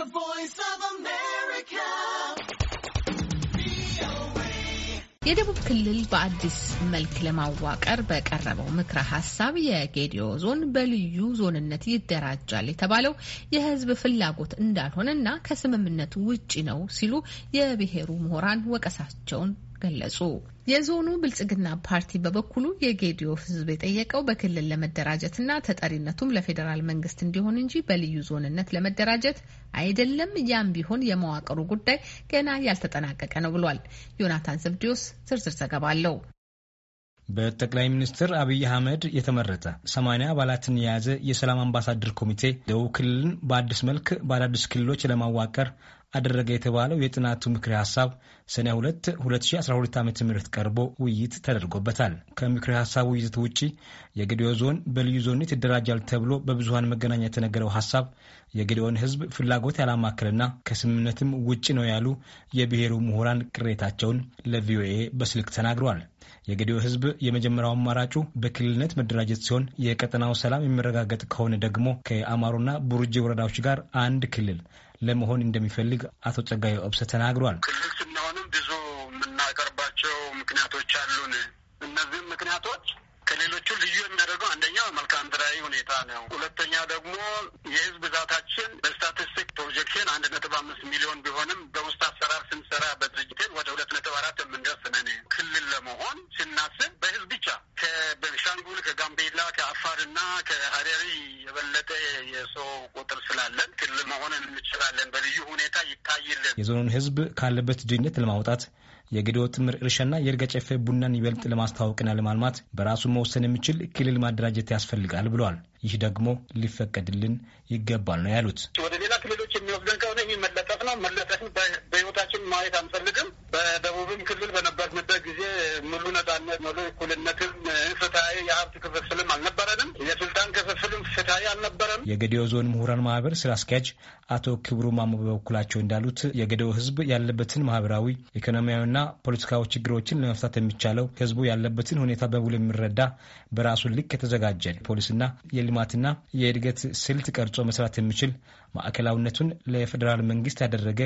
The Voice of America. የደቡብ ክልል በአዲስ መልክ ለማዋቀር በቀረበው ምክረ ሀሳብ የጌዲዮ ዞን በልዩ ዞንነት ይደራጃል የተባለው የሕዝብ ፍላጎት እንዳልሆነ እና ከስምምነት ውጪ ነው ሲሉ የብሔሩ ምሁራን ወቀሳቸውን ገለጹ። የዞኑ ብልጽግና ፓርቲ በበኩሉ የጌዲዮ ሕዝብ የጠየቀው በክልል ለመደራጀትና ተጠሪነቱም ለፌዴራል መንግስት እንዲሆን እንጂ በልዩ ዞንነት ለመደራጀት አይደለም። ያም ቢሆን የመዋቅሩ ጉዳይ ገና ያልተጠናቀቀ ነው ብሏል። ዮናታን ዘብዲዮስ ዝርዝር ዘገባ አለው። በጠቅላይ ሚኒስትር አብይ አህመድ የተመረጠ ሰማንያ አባላትን የያዘ የሰላም አምባሳደር ኮሚቴ ደቡብ ክልልን በአዲስ መልክ በአዳዲስ ክልሎች ለማዋቀር አደረገ የተባለው የጥናቱ ምክሬ ሀሳብ ሰኔ 2 2012 ዓ ም ቀርቦ ውይይት ተደርጎበታል። ከምክሬ ሀሳቡ ውይይት ውጪ የጌዲዮ ዞን በልዩ ዞንነት ይደራጃል ተብሎ በብዙሀን መገናኛ የተነገረው ሀሳብ የጌዲዮን ህዝብ ፍላጎት ያላማከልና ከስምምነትም ውጭ ነው ያሉ የብሔሩ ምሁራን ቅሬታቸውን ለቪኦኤ በስልክ ተናግረዋል። የጌዲዮ ህዝብ የመጀመሪያው አማራጩ በክልልነት መደራጀት ሲሆን የቀጠናው ሰላም የሚረጋገጥ ከሆነ ደግሞ ከአማሮና ቡርጅ ወረዳዎች ጋር አንድ ክልል ለመሆን እንደሚፈልግ አቶ ጸጋዬ ኦብሰ ተናግሯል። ክልል ስንሆንም ብዙ የምናቀርባቸው ምክንያቶች አሉን። እነዚህም ምክንያቶች ከሌሎቹ ልዩ የሚያደርገው አንደኛው መልካም ምድራዊ ሁኔታ ነው። ሁለተኛ ደግሞ የህዝብ ብዛታችን በስታቲስቲክ ፕሮጀክሽን አንድ ነጥብ አምስት ሚሊዮን ቢሆንም በውስጥ አሰራር ስንሰራ በድርጅቴን ወደ ሁለት ነጥብ አራት የምንደርስ ነን። ክልል ለመሆን ስናስብ በህዝብ ብቻ ከቤንሻንጉል፣ ከጋምቤላ፣ ከአፋር እና ከሀረሪ የበለጠ የሰው እንችላለን፣ ግል መሆንን እንችላለን። በልዩ ሁኔታ ይታይልን። የዞኑን ህዝብ ካለበት ድህነት ለማውጣት የግዶ ትምር እርሻና የእርጋ ጨፌ ቡናን ይበልጥ ለማስተዋወቅና ለማልማት በራሱ መወሰን የሚችል ክልል ማደራጀት ያስፈልጋል ብለዋል። ይህ ደግሞ ሊፈቀድልን ይገባል ነው ያሉት። ወደ ሌላ ክልሎች የሚወስደን ከሆነ ይህ መለጠፍ ነው። መለጠፍን በህይወታችን ማየት አንፈልግም። በደቡብም ክልል በነበርንበት ጊዜ ሙሉ ነጻነት፣ ሙሉ እኩልነትም፣ ፍትሐዊ የሀብት ክፍፍልም አልነበረንም። የስልጣ አማካሪ አልነበረም። የገዲዮ ዞን ምሁራን ማህበር ስራ አስኪያጅ አቶ ክብሩ ማሞ በበኩላቸው እንዳሉት የገዲዮ ህዝብ ያለበትን ማህበራዊ ኢኮኖሚያዊና ፖለቲካዊ ችግሮችን ለመፍታት የሚቻለው ህዝቡ ያለበትን ሁኔታ በሙሉ የሚረዳ በራሱ ልክ የተዘጋጀ ፖሊስና የልማትና የእድገት ስልት ቀርጾ መስራት የሚችል ማዕከላዊነቱን ለፌዴራል መንግስት ያደረገ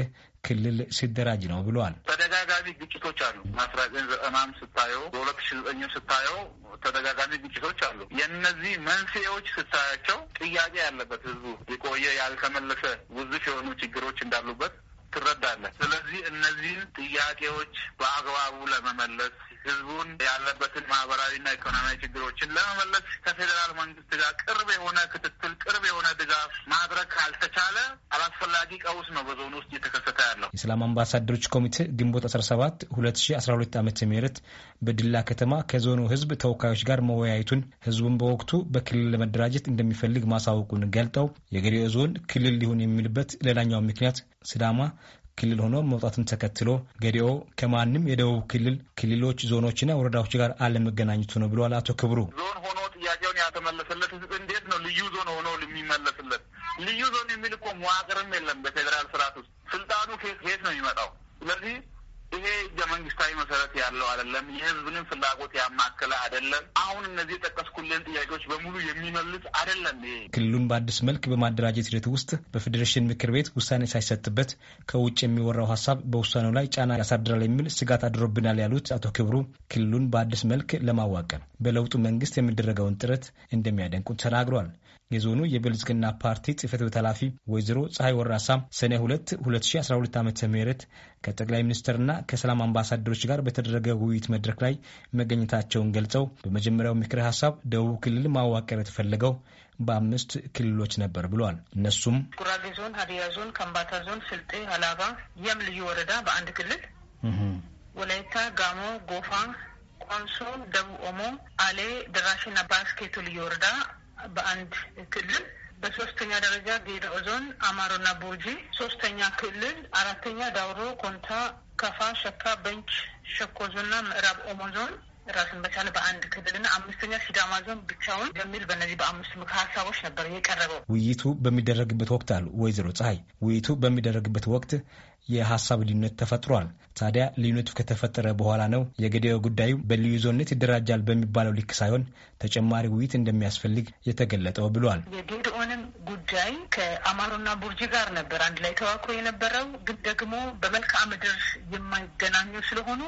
ክልል ሲደራጅ ነው ብለዋል። ተደጋጋሚ ግጭቶች አሉ። አስራ ዘጠኝ ዘጠናም ስታየው በሁለት ሺ ዘጠኝም ስታየው ተደጋጋሚ ግጭቶች አሉ። የእነዚህ መንስኤዎች ስታያቸው ጥያቄ ያለበት ህዝቡ የቆየ ያልተመለሰ ውዝፍ የሆኑ ችግሮች እንዳሉበት ትረዳለህ። ስለዚህ እነዚህን ጥያቄዎች በአግባቡ ለመመለስ ህዝቡን ያለበትን ማህበራዊና ኢኮኖሚያዊ ችግሮችን ለመመለስ ከፌዴራል መንግስት ጋር ቅርብ የሆነ ክትትል፣ ቅርብ የሆነ ድጋፍ ማድረግ ካልተቻለ አላስፈላጊ ቀውስ ነው በዞኑ ውስጥ እየተከሰተ ያለው። የሰላም አምባሳደሮች ኮሚቴ ግንቦት 17 2012 ዓ ም በድላ ከተማ ከዞኑ ህዝብ ተወካዮች ጋር መወያየቱን ህዝቡን በወቅቱ በክልል ለመደራጀት እንደሚፈልግ ማሳወቁን ገልጠው የገዲኦ ዞን ክልል ሊሆን የሚልበት ሌላኛው ምክንያት ስዳማ ክልል ሆኖ መውጣትን ተከትሎ ገዲኦ ከማንም የደቡብ ክልል ክልሎች፣ ዞኖችና ወረዳዎች ጋር አለመገናኘቱ ነው ብለዋል አቶ ክብሩ። ዞን ሆኖ ጥያቄውን ያልተመለሰለት እንዴት ነው ልዩ ዞን ሆኖ የሚመለስለት? ልዩ ዞን የሚል እኮ መዋቅርም የለም በፌዴራል ስርዓት ውስጥ። ስልጣኑ ከየት ነው የሚመጣው? ስለዚህ ይሄ ህገ መንግስታዊ መሰረት ያለው አይደለም። የህዝብንም ፍላጎት ያማከለ አይደለም። አሁን እነዚህ የጠቀስኩልን ጥያቄዎች በሙሉ የሚመልስ አይደለም። ይሄ ክልሉን በአዲስ መልክ በማደራጀት ሂደት ውስጥ በፌዴሬሽን ምክር ቤት ውሳኔ ሳይሰጥበት ከውጭ የሚወራው ሀሳብ በውሳኔው ላይ ጫና ያሳድራል የሚል ስጋት አድሮብናል ያሉት አቶ ክብሩ ክልሉን በአዲስ መልክ ለማዋቀር በለውጡ መንግስት የሚደረገውን ጥረት እንደሚያደንቁት ተናግሯል። የዞኑ የብልጽግና ፓርቲ ጽህፈት ቤት ኃላፊ ወይዘሮ ፀሐይ ወራሳ ሰኔ 2 2012 ዓ ም ከጠቅላይ ሚኒስትርና ከሰላም አምባሳደሮች ጋር በተደረገ ውይይት መድረክ ላይ መገኘታቸውን ገልጸው በመጀመሪያው ምክረ ሀሳብ ደቡብ ክልል ማዋቀር የተፈለገው በአምስት ክልሎች ነበር ብሏል። እነሱም ጉራጌ ዞን፣ ሀዲያ ዞን፣ ከምባታ ዞን፣ ስልጤ፣ ሀላባ፣ የም ልዩ ወረዳ በአንድ ክልል፣ ወላይታ፣ ጋሞ፣ ጎፋ፣ ቆንሶ፣ ደቡብ ኦሞ፣ አሌ፣ ደራሽና ባስኬቱ ልዩ ወረዳ በአንድ ክልል በሶስተኛ ደረጃ ጌዶ ዞን አማሮና ቦጂ፣ ሶስተኛ ክልል፣ አራተኛ ዳውሮ፣ ኮንታ፣ ከፋ፣ ሸካ፣ በንች፣ ሸኮ ዞን ምዕራብ ኦሞ ዞን ራሱን በቻለ በአንድ ክልልና አምስተኛ ሲዳማ ዞን ብቻውን በሚል በእነዚህ በአምስት ምክር ሀሳቦች ነበር የቀረበው። ውይይቱ በሚደረግበት ወቅት አሉ ወይዘሮ ፀሐይ ውይይቱ በሚደረግበት ወቅት የሀሳብ ልዩነት ተፈጥሯል። ታዲያ ልዩነቱ ከተፈጠረ በኋላ ነው የጌዴኦ ጉዳዩ በልዩ ዞንነት ይደራጃል በሚባለው ልክ ሳይሆን ተጨማሪ ውይይት እንደሚያስፈልግ የተገለጠው ብሏል። የጌዴኦ ጉዳይ ከአማሮና ቡርጂ ጋር ነበር አንድ ላይ ተዋክሮ የነበረው። ግን ደግሞ በመልክዓ ምድር የማይገናኙ ስለሆኑ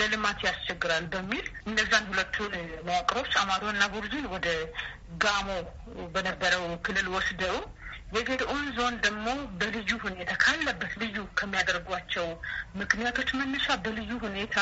ለልማት ያስቸግራል በሚል እነዛን ሁለቱን መዋቅሮች አማሮና ቡርጂን ወደ ጋሞ በነበረው ክልል ወስደው የገድኦን ዞን ደግሞ በልዩ ሁኔታ ካለበት ልዩ ከሚያደርጓቸው ምክንያቶች መነሻ በልዩ ሁኔታ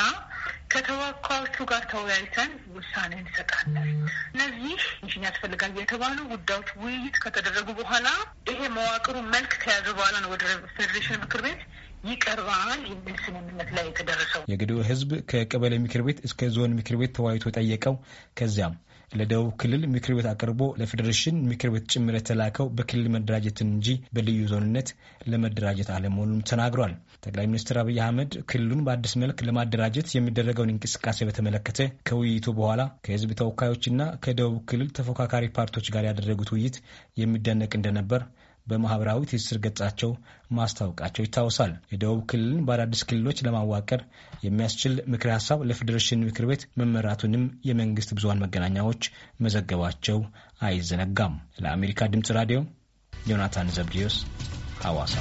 ከተወካዮቹ ጋር ተወያይተን ውሳኔ እንሰጣለን። እነዚህ እንሽን ያስፈልጋል የተባሉ ጉዳዮች ውይይት ከተደረጉ በኋላ ይሄ መዋቅሩ መልክ ከያዘ በኋላ ነው ወደ ፌዴሬሽን ምክር ቤት ይቀርባል የሚል ስምምነት ላይ የተደረሰው። የግድ ህዝብ ከቀበሌ ምክር ቤት እስከ ዞን ምክር ቤት ተወያይቶ ጠየቀው። ከዚያም ለደቡብ ክልል ምክር ቤት አቅርቦ ለፌዴሬሽን ምክር ቤት ጭምር የተላከው በክልል መደራጀትን እንጂ በልዩ ዞንነት ለመደራጀት አለመሆኑን ተናግሯል። ጠቅላይ ሚኒስትር አብይ አህመድ ክልሉን በአዲስ መልክ ለማደራጀት የሚደረገውን እንቅስቃሴ በተመለከተ ከውይይቱ በኋላ ከህዝብ ተወካዮችና ከደቡብ ክልል ተፎካካሪ ፓርቲዎች ጋር ያደረጉት ውይይት የሚደነቅ እንደነበር በማህበራዊ ትስስር ገጻቸው ማስታወቃቸው ይታወሳል። የደቡብ ክልልን በአዳዲስ ክልሎች ለማዋቀር የሚያስችል ምክር ሀሳብ ለፌዴሬሽን ምክር ቤት መመራቱንም የመንግስት ብዙሀን መገናኛዎች መዘገባቸው አይዘነጋም። ለአሜሪካ ድምፅ ራዲዮ ዮናታን ዘብዲዮስ ሐዋሳ